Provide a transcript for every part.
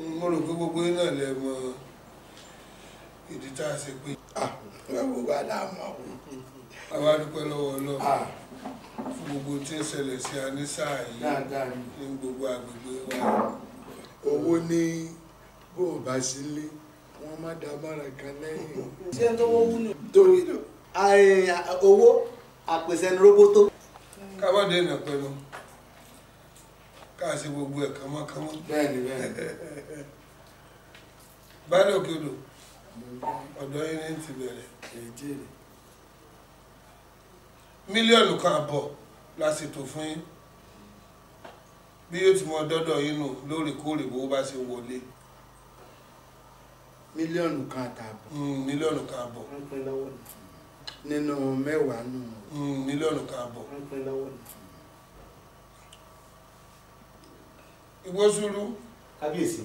mo rò pé gbogbo náà lẹ mọ ìdí tá a ṣe pé. gbogbo wa là mọ̀ o. àwa dúpẹ́ lọ́wọ́ ọlọ́run ah. fún gbogbo tí ń ṣẹlẹ̀ sí a ní sáà yìí ní gbogbo àgbègbè wa. owó ní bó o bá sí lé wọn má dá bára kan lẹ́yìn. ṣé ń tọwọ́ wúlò. torí owó àpèsè ni roboto. kábàdé nà pẹ̀lú káàsì gbogbo ẹ̀ kánmọ́kánmọ́. bẹ́ẹ̀ni bẹ́ẹ̀ni. báyọ̀ kìlò ọ̀dọ́ yín ní ti bẹ̀rẹ̀. mílíọ̀nù kan àbọ̀ la ṣètò fún yín bí yóò ti mọ dọ́dọ̀ yín nù lóòrèkóòrè bó bá ṣe wọlé. mílíọ̀nù kan àtààbọ̀. Hmm, mílíọ̀nù kan àbọ̀. nínú mẹ́wàá nù. Hmm, mílíọ̀nù kan àbọ̀. ìwọ zuru. kábíyèsí.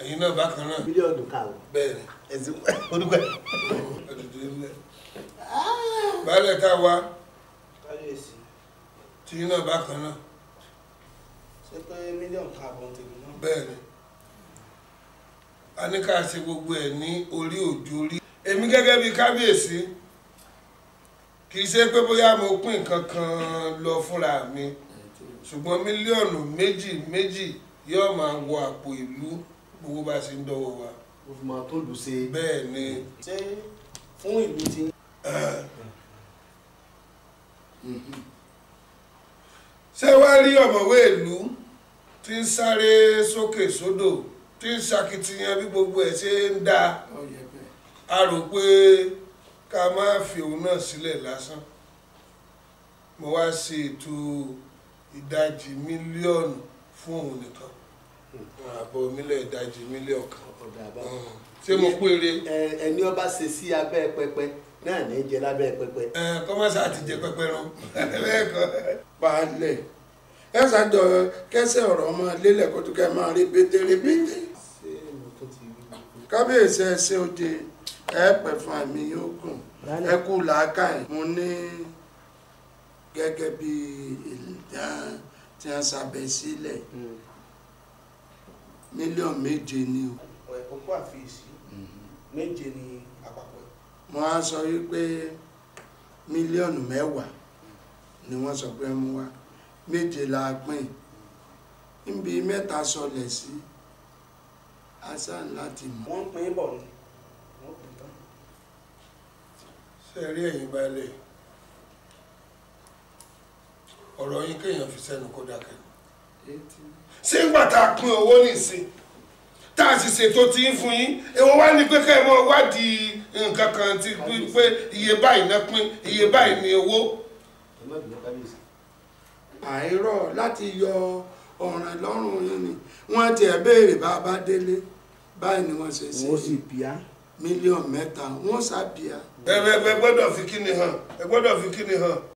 ẹ̀yin náà bákan náà. mílíọ̀nù káàwọ̀. bẹ́ẹ̀ni. ẹ̀sìn olùgbẹ́. ọ̀dùdù ilẹ̀. baálẹ̀ tá a wá. kábíyèsí. tìyín náà bákan náà. ṣé pé mílíọ̀nù káàbọ̀ tèmi náà. bẹ́ẹ̀ni. a ní ká ṣe gbogbo ẹ̀ ní orí òjò orí. èmi gẹ́gẹ́ bí kábíyèsí kì í ṣe pé bóyá mo pín nǹkan kan lọ fúnra mi ṣùgbọ́n mílíọ̀nù méjì méjì yóò máa wọ àpò ìlú gbogbo bá ṣe ń dọ́wọ́ wa. o fi máa tó lù ṣe. bẹ́ẹ̀ ni. ṣé fún ìlú ti. ṣé wàá rí ọ̀mọ̀wé ìlú tí ń sáré sókè sódò tí ń ṣakitiyan bí gbogbo ẹ̀ ṣe ń dá a rò pé ká má fi òun náà sílẹ̀ lásán mo wá ṣe ètò ìdajì mílíọ̀nù fún òun nìkan àbọ̀ mílẹ̀ ìdajì mílíọ̀nù kan ṣé mo pé eré. ẹni ọba ṣe sí abẹ́ pẹpẹ náà ní jẹ lábẹ́ pẹpẹ. kọ́mọ́sá ti jẹ pẹpẹ rán bẹ́ẹ̀ kọ́. balẹ̀ ẹ ṣàjọ kẹsẹ̀ ọ̀rọ̀ ọmọ lélẹ̀ kó tó kẹ́ máa rí bété rí bété. kábíyèsí ẹ ṣe oje ẹ pẹ̀ fún àmì yóò gùn ẹ kú làákàyè mo ní gẹ́gẹ́ bí ìlànà tí wọ́n sábẹ́ sílẹ̀ hmm. mílíọ̀nù méje ni o. òkú àfiyèsí hmm. méje ni àpapọ̀. mo á sọ wípé mílíọ̀nù mẹ́wàá ni wọ́n sọ pé mú wá méje la pín níbi mẹ́ta sọlẹ̀ sí asán láti mọ̀. wọ́n pín bọ̀ ni wọ́n pín tán. ṣe rí ẹ̀yin balẹ̀ ọ̀rọ̀ yín kéèyàn fi sẹ́nu kó dákẹ́ ṣé ń gbà tá a pín owó nìsín tá a sì ṣètò tí ń fún yín èwo wá ní pé kẹ́ ẹ mọ wádìí nǹkan kan ti pé iye báyìí náà pín iye báyìí ní owó. àìrọ̀ láti yọ ọ̀ràn lọ́rùn yín ni wọ́n ti ẹ̀ béèrè bá a bá délé báyìí ni wọ́n ṣe ṣe mílíọ̀nù mẹ́ta wọ́n ṣàbíà. ẹ gbọ́dọ̀ fi kíni hàn ẹ gbọ́dọ̀ fi kíni hàn.